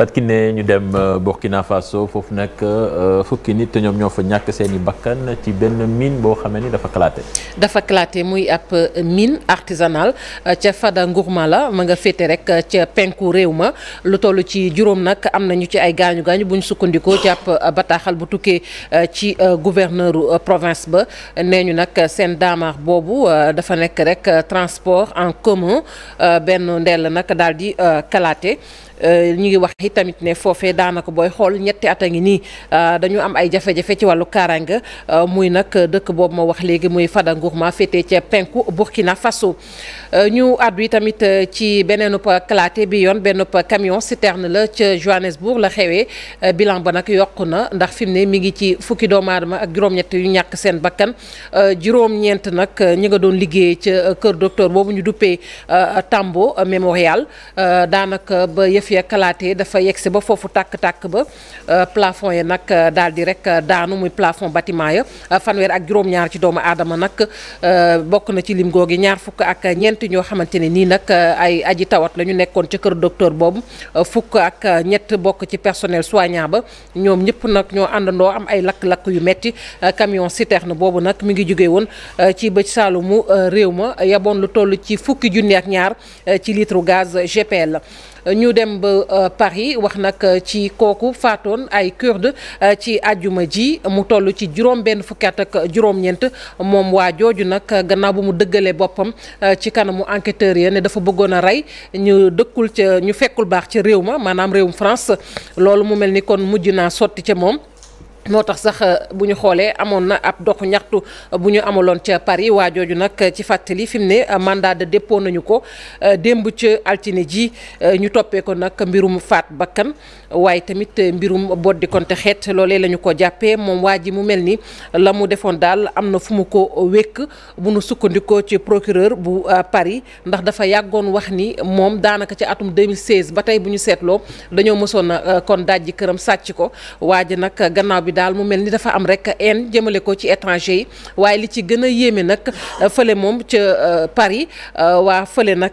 Fatou Kiné ñu dem euh, Burkina Faso foofu nag euh, fukki nit ñoom ñoo fa ñàkk seen i bakkan ci benn miin boo xamee ni dafa kalaate dafa kalaate muy ab euh, mine artisanal ca Fada Ngourmala ma la ma nga féete rek ca penku réew ma lu toll ci juróom nag am nañu ci ay gaañu gaañu bu ñu sukkandikoo ci ab bataaxal bu tukkee ci gouverneur province ba nee ñu nag seen daamar boobu dafa nekk rek transport en commun benn ndell nag daal di kalaate ñu ngi wax yi tamit ne foofee daanaka booy xool ñetti at a ngi nii ah, dañu am ay jafe-jafe ci wàllu kaaraange ah, muy nag dëkk boobu ma wax léegi muy Fadangouroumaa féetee ca penku Burkina Faso. Ah, ñu àddu yi tamit ci beneen kalaate bi yoon benn kamion camion citerne la ca Johannesburg la xewee bilan ba nag yokk na ndax fi mu ne mi ngi ci fukki doomu aadama ak juróom-ñett yu ñàkk seen bakkan juróom-ñeent nag ñu nga doon liggéey ca kër docteur boobu ñu duppee Tambo Mémorial daanaka yegg si ba foofu tàkk-tàkk ba euh, plafond ya nag euh, daal di rek euh, daanu muy plafond bâtiment ya fanweer ak juróom-ñaar ci doomu aadama nag bokk na ci lim googi ñaar fukk ak ñeent ñoo xamante ne nii nag ay aji tawat la ñu nekkoon ci kër docteur boobu fukk ak ñett bokk ci personnel soignant ba ñoom ñëpp nag ñoo àndandoo am ay lakk-lakk yu metti camion citerne boobu nag mu ngi jóge woon ci bëj saalumu réew ma yeboon lu toll ci fukki junni ak ñaar ci litre gaz GPL ñu dem yi wax nag euh, ci kooku faatoon ay kurde euh, ci àjjuma ji mu toll ci juróom benn fukki ak juróom-ñeent moom waa jooju nag gannaaw bu mu dëggalee boppam euh, ci kanamu enquêteur ya ne dafa bëggoon a rey ñu dëkkul ca ñu fekkul baax ca réew ma maanaam réewum France loolu mu mel ni kon mujj naa sotti ca moom moo tax sax euh, bu ñu xoolee amoon na ab doxu ñaxtu euh, bu ñu amaloon ca Paris waa jooju nag euh, ci fàttali fi mu ne mandat de dépôt nañu ko démb ca altine ji ñu toppee ko nag mbirum faat bakkan waaye tamit mbirum boddi konte xeet loolee la ñu ko jàppee moom waa ji mu mel ni la mu defoon daal am na fu mu ko wékk bu nu sukkandikoo ci procureur bu Paris ndax dafa yàggoon wax ni moom daanaka ci atum 2016 ba tey bu ñu seetloo dañoo mësoon kon dajji këram sàcc ko waa daal mu mel ni dafa am rek haine jëmale ko ci étranger yi waaye li ci gën a yéeme nag euh, fële moom ca euh, Paris euh, waa fële nag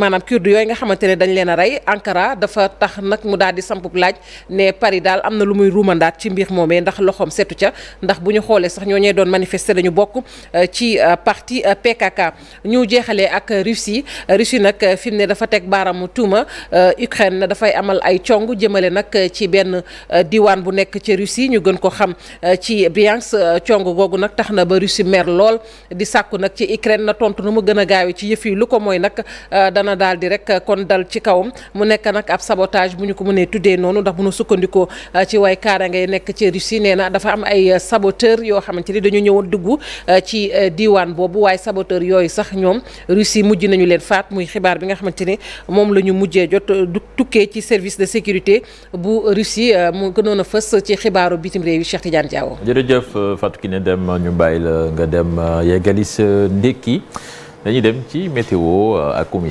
maanaam kurde yooyu nga xamante ne dañ leen a rey Ankara dafa tax nag mu daal di sampub laaj ne Paris daal am na lu muy ruumandaat ci mbir moomee ndax loxoom setu ca ndax bu ñu xoolee sax ñoo ñee doon manifester dañu bokk ci parti PKK ñu jeexalee ak Russie Russie nag fi ne dafa teg baaramu tuuma Ukraine dafay amal ay cong jëmale nag ci benn diwaan bu nekk gën ko xam euh, ci Bryansk euh, cong googu nag tax na ba Russie mer lool di sàkku nag ci Ukraine na tontu nu mu gën a gaawee ci yëf lu ko mooy nag euh, dana daal di rek kon dal ci kawam mu nekk nag ab sabotage bu ñu ko mënee tuddee noonu ndax bu nu sukkandikoo ci way kaaraange nekk ci Russie na dafa am ay saboteur yoo xamante ni dañu ñëwoon dugg ci diiwaan boobu waaye saboteur yooyu sax ñoom Russie mujj nañu leen faat muy xibaar bi nga xamante ni moom la ñu mujjee jot tukkee ci service de sécurité bu Russie mu gënoon fës ci xibaaru bitim bitim réew yi Cheikh Tidiane Diawo. jërëjëf euh, Fatou Kiné Deme ñu bàyyi la nga dem euh, yeggali sa ndékki dañuy dem ci météo euh, ak Oumy